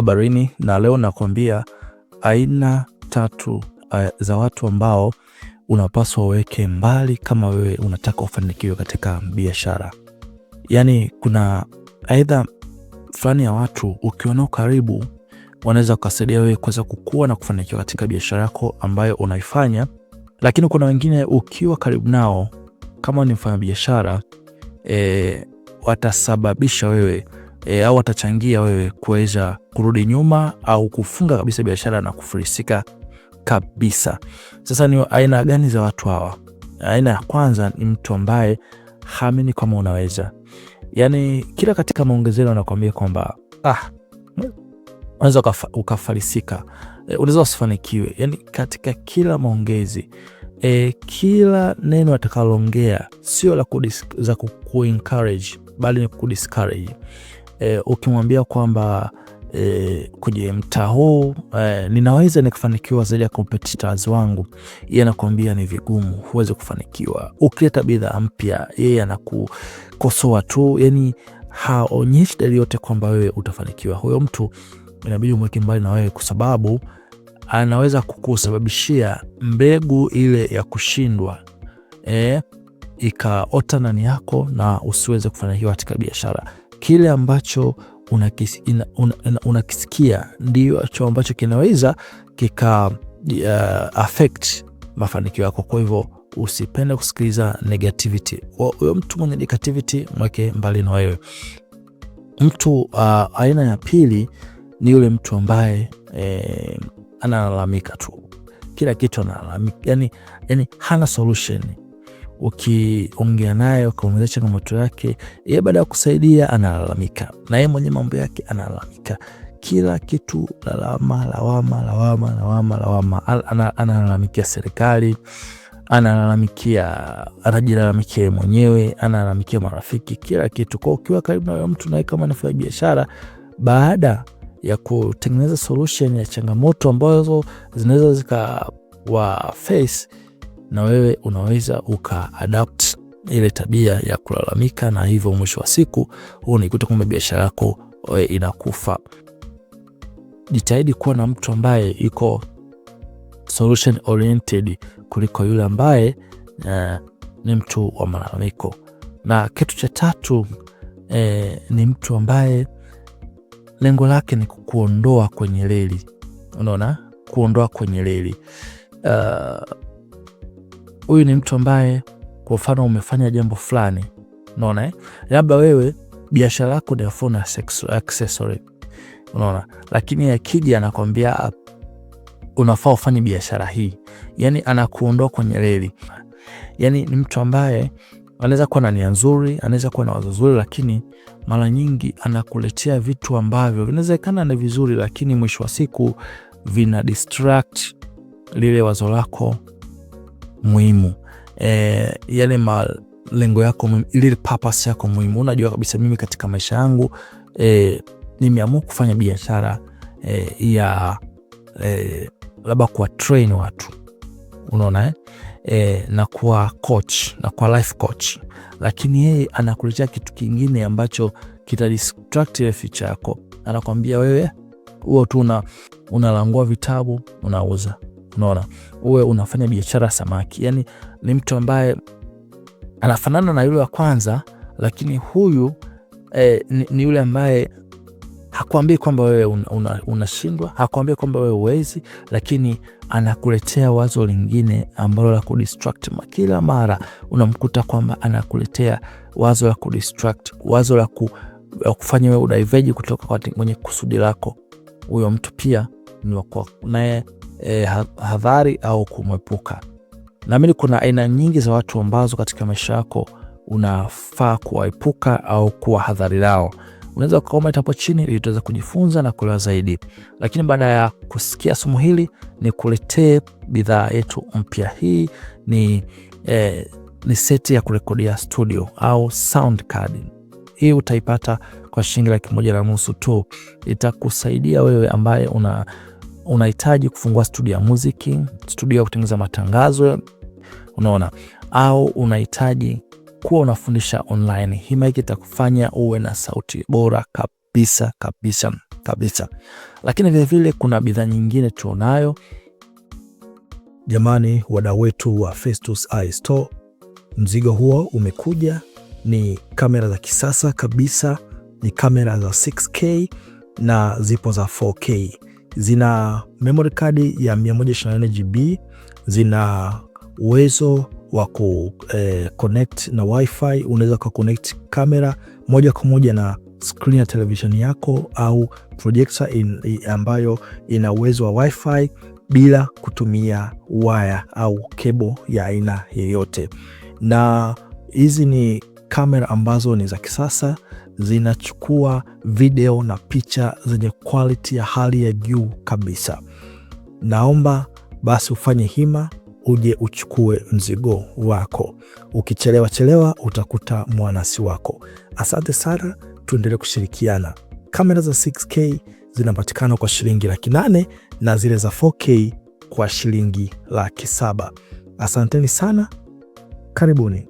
Habarini na leo nakwambia aina tatu za watu ambao unapaswa uweke mbali kama wewe unataka ufanikiwe katika biashara. Yaani, kuna aidha fulani ya watu ukiona karibu wanaweza kusaidia wewe kuweza kukua na kufanikiwa katika biashara yako ambayo unaifanya, lakini kuna wengine ukiwa karibu nao kama ni mfanya biashara e, watasababisha wewe e, au atachangia wewe kuweza kurudi nyuma au kufunga kabisa biashara na kufilisika kabisa. Sasa ni aina gani za watu hawa? Aina ya kwanza ni mtu ambaye haamini kama unaweza, yani kila katika maongezero anakuambia kwamba ah, unaweza ukafarisika, e, unaweza usifanikiwe. Yani katika kila maongezi e, kila neno atakaloongea sio la ku encourage bali ni ku e, ukimwambia kwamba e, kwenye mtaa huu e, ninaweza nikafanikiwa zaidi ya competitors wangu, yeye anakuambia ni vigumu, huwezi kufanikiwa. Ukileta bidhaa mpya, yeye anakukosoa tu, yani haonyeshi dalili yote kwamba wewe utafanikiwa. Huyo mtu inabidi umweke mbali na wewe, kwa sababu anaweza kukusababishia mbegu ile ya kushindwa e, ikaota ndani yako na usiweze kufanikiwa katika biashara kile ambacho unakisikia una, una, una ndicho ambacho kinaweza kika uh, affect mafanikio yako. Kwa hivyo usipende kusikiliza negativity. Huyo mtu mwenye negativity mweke mbali na wewe. Mtu uh, aina ya pili ni yule mtu ambaye eh, analalamika tu kila kitu analalamika, yani, yani hana solution ukiongea naye ukamueleza changamoto yake, yeye baada ya kusaidia analalamika, na yeye mwenye mambo yake analalamika, kila kitu lalama, lawama, lawama, lawama, lawama. Analalamikia serikali, analalamikia, anajilalamikia yeye mwenyewe, analalamikia marafiki, kila kitu. Kwa ukiwa karibu na mtu naye kama anafanya biashara, baada ya kutengeneza solution ya changamoto ambazo zinaweza zikawa face na wewe unaweza ukaadapt ile tabia ya kulalamika, na hivyo mwisho wa siku huu unaikuta kwamba biashara yako inakufa. Jitahidi kuwa na mtu ambaye iko solution oriented kuliko yule ambaye uh, ni mtu wa malalamiko. Na kitu cha tatu eh, ni mtu ambaye lengo lake ni kukuondoa kwenye reli. Unaona, kuondoa kwenye reli uh, huyu ni mtu ambaye kwa mfano umefanya jambo fulani, unaona eh? labda wewe biashara yako ni afu na accessory, unaona, lakini akija anakwambia unafaa ufanye biashara hii, yani anakuondoa kwenye reli. Yani ni mtu ambaye anaweza kuwa na nia nzuri, anaweza kuwa na wazo zuri, lakini mara nyingi anakuletea vitu ambavyo vinawezekana ni vizuri, lakini mwisho wa siku vina distract lile wazo lako muhimu e, yale malengo yako, lile purpose yako muhimu. Unajua kabisa mimi katika maisha yangu e, nimeamua kufanya biashara e, ya e, labda kuwa train watu unaona eh? E, na kuwa coach na kuwa life coach, lakini yeye anakuletea kitu kingine ambacho kita distract ile ficha yako. Anakwambia wewe huo tu unalangua vitabu unauza Unaona, uwe unafanya biashara samaki. Yani ni mtu ambaye anafanana na yule wa kwanza, lakini huyu eh, ni, ni yule ambaye hakuambii kwamba wewe unashindwa, una, una hakuambii kwamba wewe uwezi, lakini anakuletea wazo lingine ambalo la kudistract. Kila mara unamkuta kwamba anakuletea wazo la kudistract, wazo la ku, kufanya wewe udaiveji kutoka kwenye kusudi lako. Huyo mtu pia ni naye e, hadhari au kumwepuka. Naamini kuna aina nyingi za watu ambazo katika maisha yako unafaa kuwaepuka au kuwa hadhari lao. Unaweza kucomment hapo chini ili tuweze kujifunza na kuelewa zaidi. Lakini baada ya kusikia somo hili, ni kuletee bidhaa yetu mpya. Hii ni e, ni seti ya kurekodia studio au sound card. Hii utaipata kwa shilingi laki moja na nusu tu, itakusaidia wewe ambaye una unahitaji kufungua studio ya muziki, studio ya kutengeneza matangazo, unaona, au unahitaji kuwa unafundisha online. Himike itakufanya uwe na sauti bora kabisa kabisa kabisa. Lakini vilevile kuna bidhaa nyingine tuonayo, jamani, wadau wetu wa Festus Store, mzigo huo umekuja, ni kamera za kisasa kabisa, ni kamera za 6K na zipo za 4K zina memory card ya 128 GB, zina uwezo wa ku eh, connect na wifi. Unaweza ku connect kamera moja kwa moja na screen ya television yako au projector in, in, ambayo ina uwezo wa wifi bila kutumia waya au kebo ya aina yoyote, na hizi ni kamera ambazo ni za kisasa zinachukua video na picha zenye quality ya hali ya juu kabisa. Naomba basi ufanye hima uje uchukue mzigo wako. Ukichelewa chelewa utakuta mwanasi wako. Asante sana, tuendelee kushirikiana. Kamera za 6K zinapatikana kwa shilingi laki nane na zile za 4K kwa shilingi laki saba. Asanteni sana, karibuni.